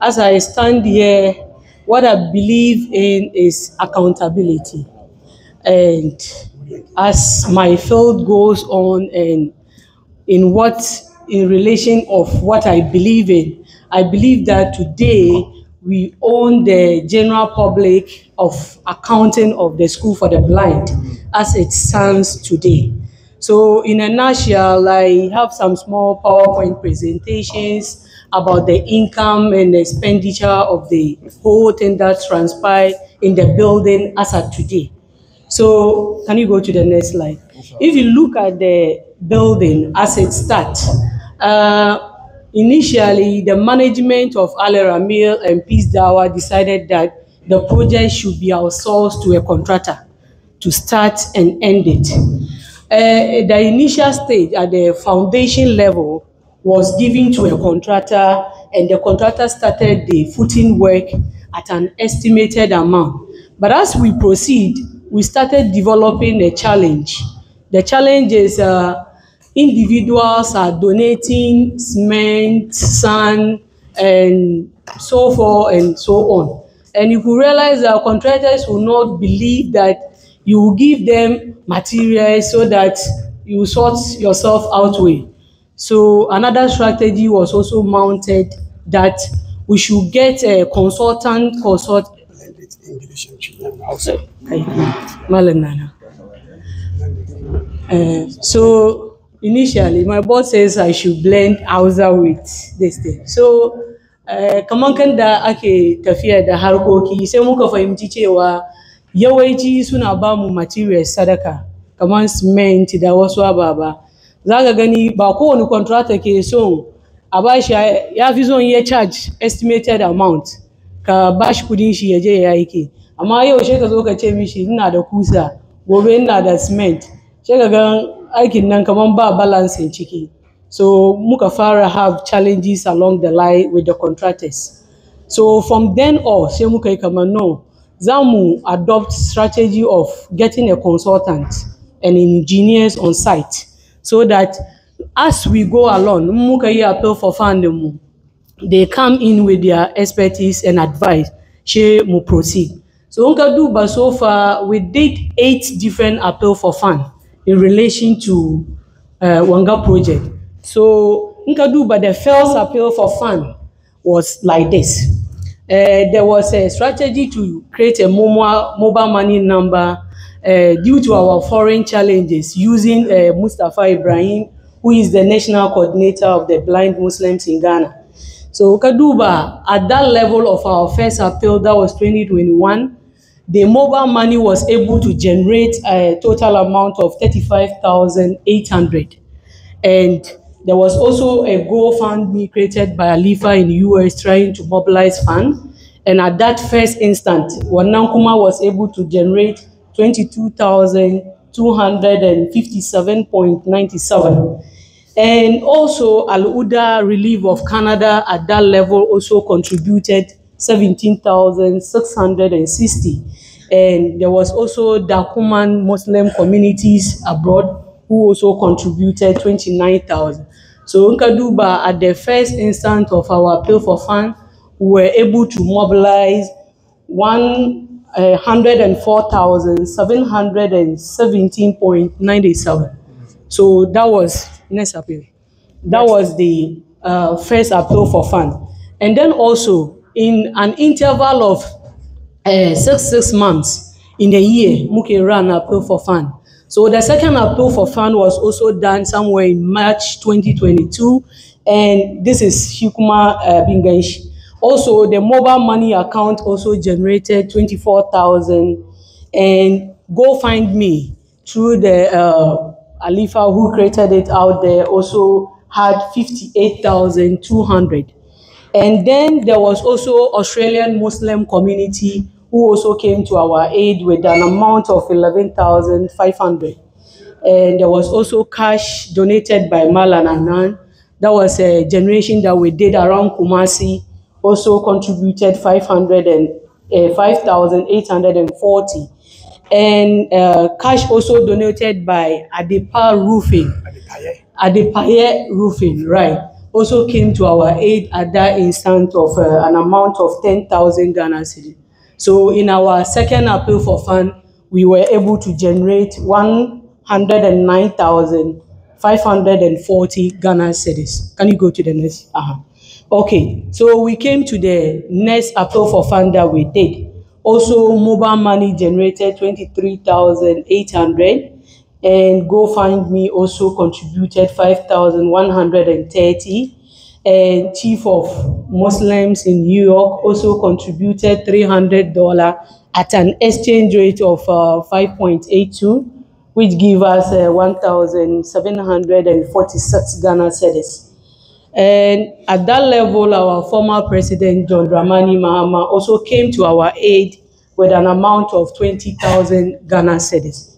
as I stand here, what I believe in is accountability. And as my field goes on and in what in relation of what I believe in, I believe that today we own the general public of accounting of the school for the blind as it stands today. So in a nutshell, I have some small PowerPoint presentations about the income and expenditure of the whole thing that transpired in the building as today. So can you go to the next slide? If you look at the building as it starts, uh, initially the management of Al Ramil and Peace Dawa decided that the project should be outsourced to a contractor to start and end it. Uh, the initial stage at the foundation level was given to a contractor and the contractor started the footing work at an estimated amount. But as we proceed, we started developing a challenge. The challenge is uh, individuals are donating cement, sand, and so forth and so on. And you could realize that contractors will not believe that you will give them materials so that you sort yourself out way. So another strategy was also mounted that we should get a consultant consult. also. Uh, so initially, my boss says I should blend Hausa with this thing. So uh, kamar kan da ake tafiya da harkoki sai muka fahimci cewa yawanci suna bamu material materials sadaka kamar cement da wasu ababa. za ka gani ba kowane contractor ke so a bashi ya fi son ya charge estimated amount ka bashi kudin shi ya je ya aiki amma yau sai ka zo ka ce mishi ina da kusa gobe ina da cement sai ka ga aikin nan kamar ba balancing ciki so muka fara have challenges along the line with the contractors so from then on sai muka yi kamar no za mu adopt strategy of getting a consultant and engineers on site so that as we go along muka appeal for funding they come in with their expertise and advice she mu proceed so nka duba so far we did eight different appeal for fund in relation to uh, wanga project so nka duba the first appeal for fund was like this uh, there was a strategy to create a mobile money number Uh, due to our foreign challenges using uh, Mustafa Ibrahim, who is the national coordinator of the blind Muslims in Ghana. So Kaduba, at that level of our first appeal, that was 2021, the mobile money was able to generate a total amount of 35,800. And there was also a GoFundMe created by Alifa in the US trying to mobilize funds. And at that first instant, Wanankuma was able to generate 22,257.97. And also, Al Uda Relief of Canada at that level also contributed 17,660. And there was also Dakuman Muslim communities abroad who also contributed 29,000. So Nkaduba, at the first instant of our appeal for funds, we were able to mobilize one 104,717.97. So that was next appeal. That was the uh, first appeal for fund. And then also in an interval of uh, six six months in the year, Muke ran appeal for fund. So the second appeal for fund was also done somewhere in March 2022, and this is Hikuma uh, Bingenshi. Also, the mobile money account also generated 24,000 and go find me through the uh, Alifa who created it out there also had 58,200. And then there was also Australian Muslim community who also came to our aid with an amount of 11,500. And there was also cash donated by Malan Anan. That was a generation that we did around Kumasi also contributed and eh, 5,840. And uh, cash also donated by Adepa Roofing. Adepaye. Adepaye Roofing, right. Also came to our aid at that instant of uh, an amount of 10,000 Ghana cedi. So in our second appeal for fund, we were able to generate 109,540 Ghana cedis. Can you go to the next? Uh -huh. Okay, so we came to the next appeal for fund that we did. Also, mobile money generated 23,800 and GoFundMe also contributed 5,130 and Chief of Muslims in New York also contributed $300 at an exchange rate of uh, 5.82, which give us uh, 1,746 Ghana cedis. And at that level, our former president, John Dramani Mahama, also came to our aid with an amount of 20,000 Ghana cedis.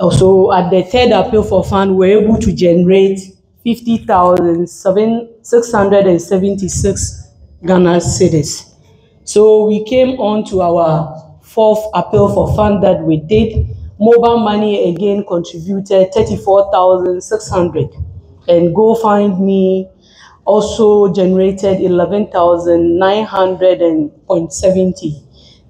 Also, at the third appeal for fund, we were able to generate 50,676 Ghana cedis. So we came on to our fourth appeal for fund that we did. Mobile money again contributed 34,600 and GoFindMe also generated 11,900.70.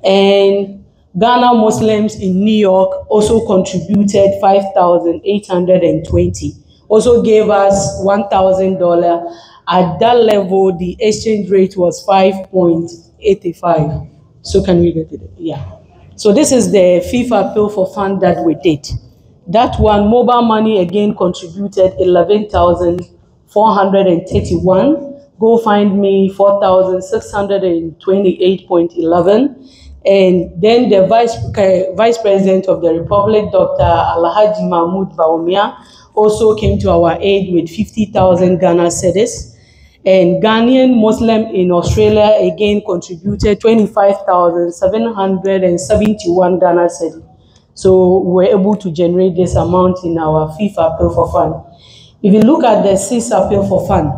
And Ghana Muslims in New York also contributed 5,820, also gave us $1,000. At that level, the exchange rate was 5.85. So can we get it? Yeah. So this is the FIFA appeal for fund that we did. That one, mobile money again contributed 11,000. 431. Go find me 4,628.11. And then the Vice, uh, Vice President of the Republic, Dr. Alhaji Mahmoud Baumia, also came to our aid with 50,000 Ghana cedis. And Ghanaian Muslim in Australia again contributed 25,771 Ghana cedis. So we are able to generate this amount in our FIFA Pro for Fund. If you look at the CIS appeal for fun,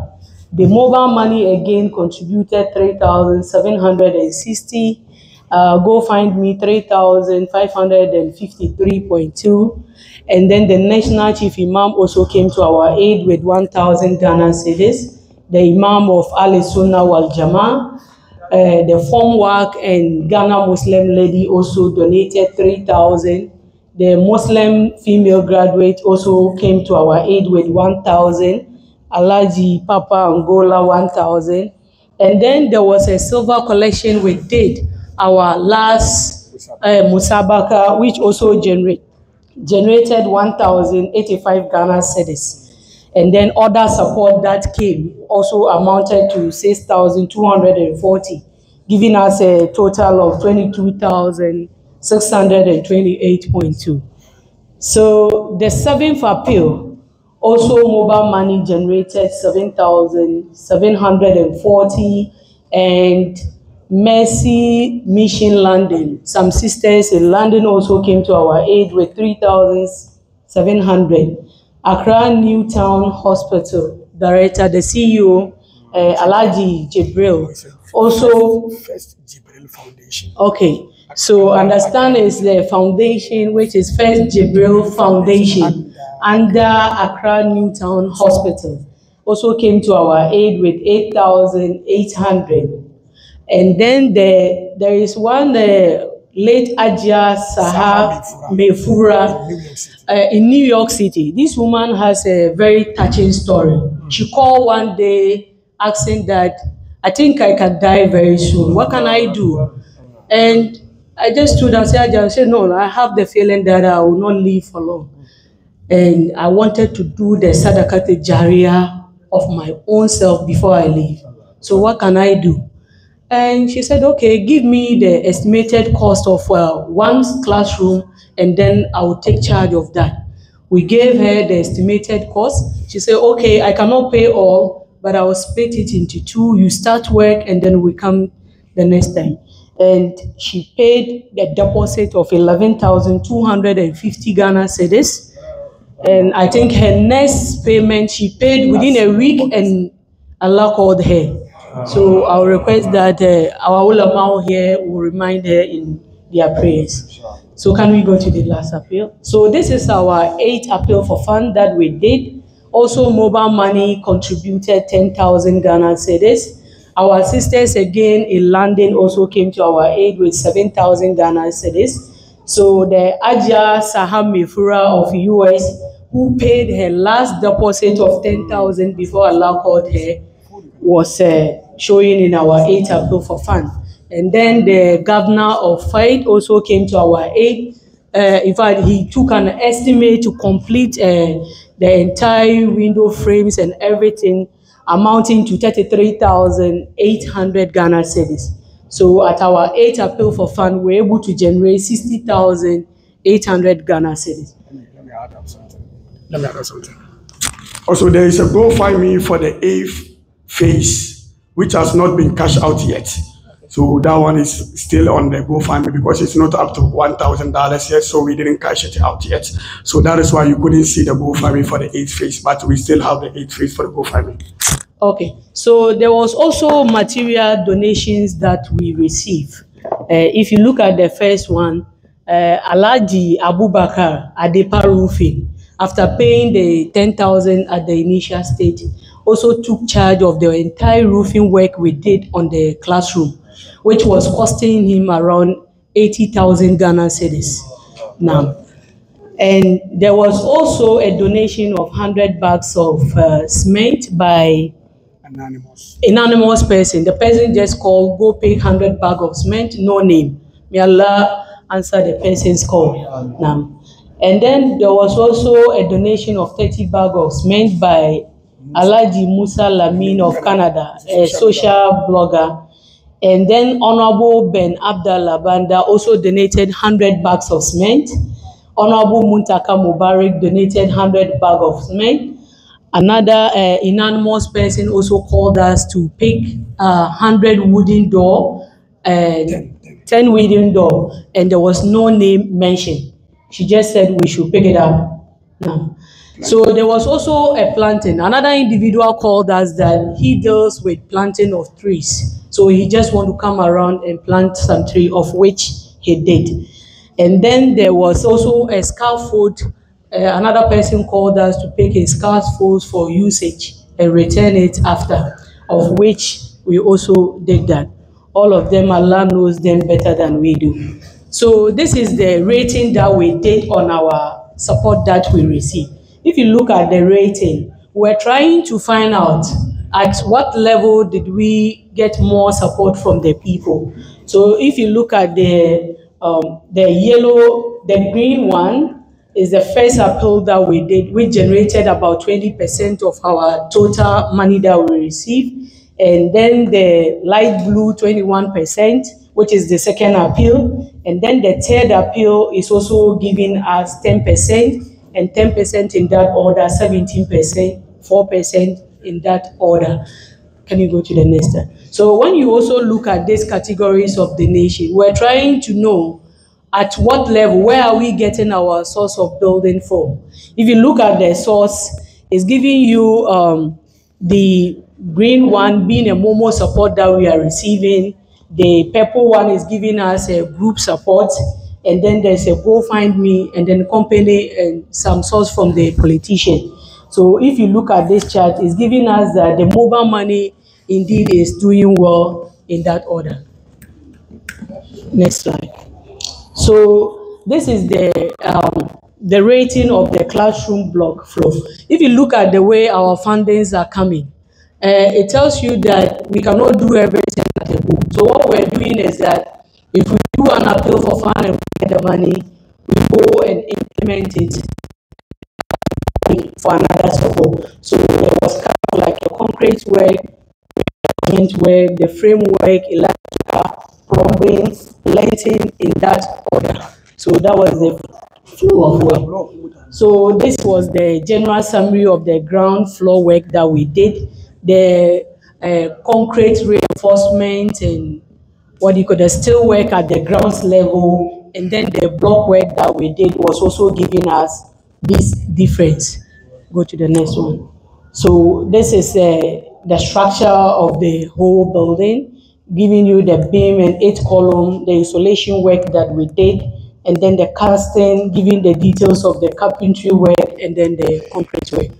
the mobile money again contributed 3,760. Uh, go find me 3,553.2. And then the National Chief Imam also came to our aid with 1,000 Ghana cities. The Imam of Ali Sunnah Wal Jama'ah uh, the work and Ghana Muslim lady also donated 3,000 the Muslim female graduate also came to our aid with 1,000. Alaji Papa Angola 1,000. And then there was a silver collection we did, our last uh, Musabaka, which also generate, generated 1,085 Ghana cedis. And then other support that came also amounted to 6,240, giving us a total of 22,000. 628.2. So the seventh appeal also mobile money generated 7,740 and Mercy Mission London. Some sisters in London also came to our aid with 3,700. Accra Newtown Hospital Director, the CEO, uh, eh, Alaji Jibril, also. First Jibril Foundation. Okay. So understand is the foundation, which is First Jibril Foundation under Accra Newtown Hospital. Also came to our aid with 8,800. And then the, there is one the uh, late Agia Saha Mefura uh, in New York City. This woman has a very touching story. She mm. called one day asking that, I think I can die very soon. What can I do? And I just stood and said, I said, no, I have the feeling that I will not live for long. And I wanted to do the sadakat Jaria of my own self before I leave. So what can I do? And she said, okay, give me the estimated cost of uh, one classroom and then I will take charge of that. We gave her the estimated cost. She said, okay, I cannot pay all, but I will split it into two. You start work and then we come the next time and she paid the deposit of 11,250 Ghana cedis. And I think her next payment she paid within a week and Allah called her. So I'll request that uh, our ulama here will remind her in their prayers. So can we go to the last appeal? So this is our eighth appeal for fund that we did. Also mobile money contributed 10,000 Ghana cedis. Our sisters again in London also came to our aid with 7,000 Ghana cedis. So the Aja Saham Mifura of US, who paid her last deposit of 10,000 before Allah called her, was uh, showing in our aid tableau for fun. And then the governor of Fight also came to our aid. Uh, in fact, he took an estimate to complete uh, the entire window frames and everything amounting to 33,800 Ghana cedis. So at our eighth appeal for fund, we're able to generate 60,800 Ghana cedis. Let me add up something. Let me add up something. Also, there is a GoFundMe for the eighth phase, which has not been cashed out yet. So that one is still on the GoFundMe because it's not up to $1,000 yet, so we didn't cash it out yet. So that is why you couldn't see the GoFundMe for the eighth phase, but we still have the eighth phase for the GoFundMe. Okay, so there was also material donations that we received. Uh, if you look at the first one, uh, Abubakar Adepa Roofing, after paying the 10,000 at the initial stage, also took charge of the entire roofing work we did on the classroom, which was costing him around 80,000 Ghana cedis now. And there was also a donation of 100 bags of uh, cement by anonymous. anonymous person. The person just called, go pay 100 bags of cement, no name. May Allah answer the person's call. Now. And then there was also a donation of 30 bags of cement by Alaji Musa Lamin of Canada, a social blogger. And then Honorable Ben Abdallah Banda also donated 100 bags of cement. Honorable Muntaka Mubarak donated 100 bag of cement. Another uh, anonymous person also called us to pick uh, 100 wooden door, and 10 wooden door, and there was no name mentioned. She just said we should pick it up now. So there was also a planting. Another individual called us that he deals with planting of trees. So he just want to come around and plant some tree, of which he did. And then there was also a scaffold. Uh, another person called us to pick a scaffold for usage and return it after, of which we also did that. All of them, Allah knows them better than we do. So this is the rating that we did on our support that we received if you look at the rating, we're trying to find out at what level did we get more support from the people. So if you look at the um, the yellow, the green one is the first appeal that we did. We generated about 20% of our total money that we received. And then the light blue, 21%, which is the second appeal. And then the third appeal is also giving us 10% and 10% in that order, 17%, 4% in that order. Can you go to the next? So when you also look at these categories of the nation, we're trying to know at what level, where are we getting our source of building from? If you look at the source, it's giving you um, the green one being a MOMO support that we are receiving. The purple one is giving us a group support and then there's a me," and then company and some source from the politician. So if you look at this chart, it's giving us that the mobile money indeed is doing well in that order. Next slide. So this is the um, the rating of the classroom block flow. If you look at the way our fundings are coming, uh, it tells you that we cannot do everything at the book. So what we're doing is that if we do an appeal for funding, get the money, we go and implement it for another school. So there was kind of like a concrete work, where the framework, electrical, plumbing, lighting in that order. So that was the flow of work. So this was the general summary of the ground floor work that we did. The uh, concrete reinforcement and what you could still work at the grounds level and then the block work that we did was also giving us this difference. Go to the next one. So this is uh, the structure of the whole building, giving you the beam and eight column, the insulation work that we did, and then the casting, giving the details of the carpentry work, and then the concrete work.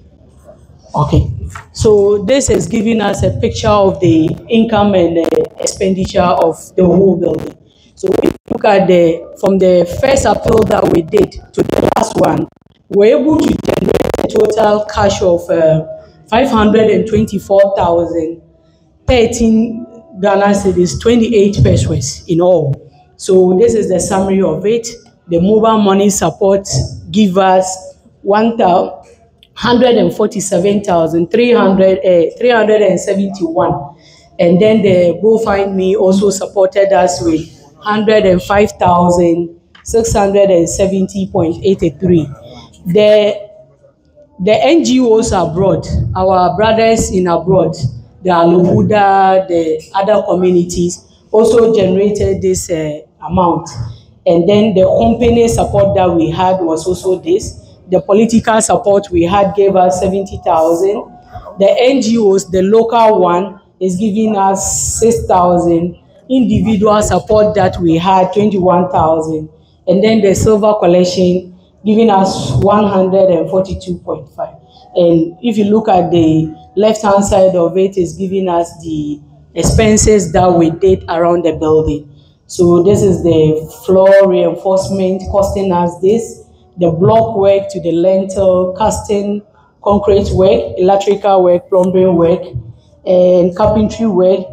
Okay, so this is giving us a picture of the income and uh, expenditure of the whole building. So we look at the from the first appeal that we did to the last one, we're able to generate a total cash of uh, 524,013 Ghana cities, 28 pesos in all. So this is the summary of it. The mobile money support give us 147,300, uh, eh, And then the GoFindMe also supported us with 105,670.83. The, the NGOs abroad, our brothers in abroad, the Alubuda, the other communities, also generated this uh, amount. And then the company support that we had was also this. The political support we had gave us 70,000. The NGOs, the local one, is giving us 6,000. individual support that we had 21,000 and then the silver collection giving us 142.5 and if you look at the left hand side of it is giving us the expenses that we did around the building so this is the floor reinforcement costing us this the block work to the lentil casting concrete work electrical work plumbing work and carpentry work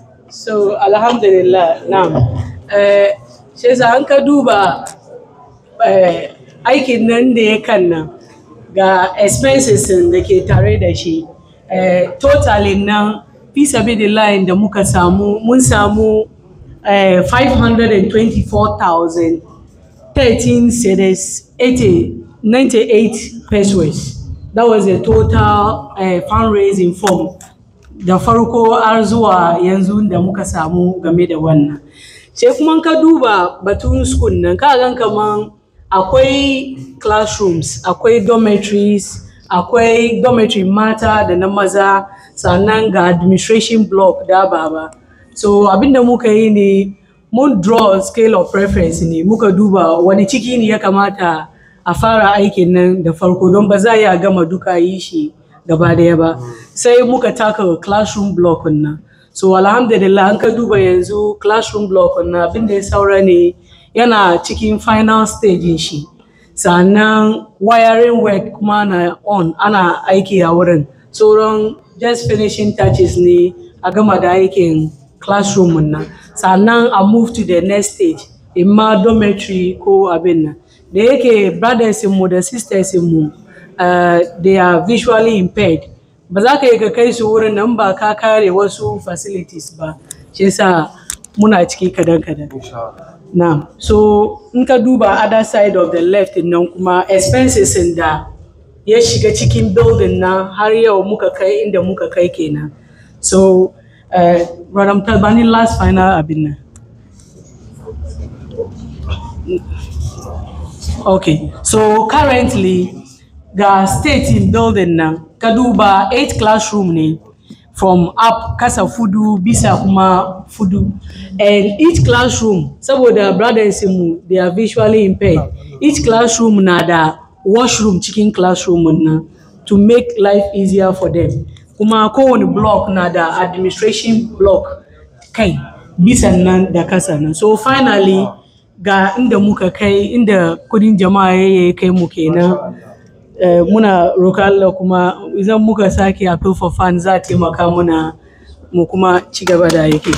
so alhamdulillah na'am eh shi an ka duba eh, aikin nan da ya kan nan ga expenses da ke tare da shi eh, totalin nan fi sabilillahi da da muka samu mun samu 524,000 eh, 13 cedis, 80, 98 pesos. That was the total uh, fundraising form da farko har zuwa yanzu da muka samu game da wannan sai kuma ka duba batun school nan ka gan kaman akwai classrooms akwai dormitories akwai dormitory mata da na maza sannan ga administration block da baba so abinda muka yi ne mun draw scale of preference ne muka duba wani ciki ne ya kamata a fara aikin nan da farko don ba za a gama duka yi shi gaba daya ba mm. sai muka taka classroom block nan so alhamdulillah an ka duba yanzu classroom block na abin da ya saura ne yana cikin final stage shi sannan wiring work kuma na on ana aiki a wurin sauran just finishing touches ne a gama da aikin classroom na. sannan a move to the next stage imma dormitory ko abin nan da yake brothers mu da sisters mu Uh, they are visually impaired but that's a case where kai su wurin nan ba facilities but shi a muna ciki kadan so in other side of the left nan kuma expenses da ya shiga cikin building na har yau muka kai inda muka kai kenan so uh, Radam Talbani last final abina. okay so currently ga state building nan ka duba 8 classroom ne from up kasa fudu bisa kuma fudu and each classroom saboda brothers mu they are visually impaired each classroom na da washroom cikin classroom nan to make life easier for them kuma kowane block na da administration block kai bisa nan da kasa nan so finally ga inda muka kai inda kudin jama'a ya kai mu kenan Eh, muna roƙa Allah kuma idan muka sake a for fan za ta taimaka muna mu kuma ci gaba da yake.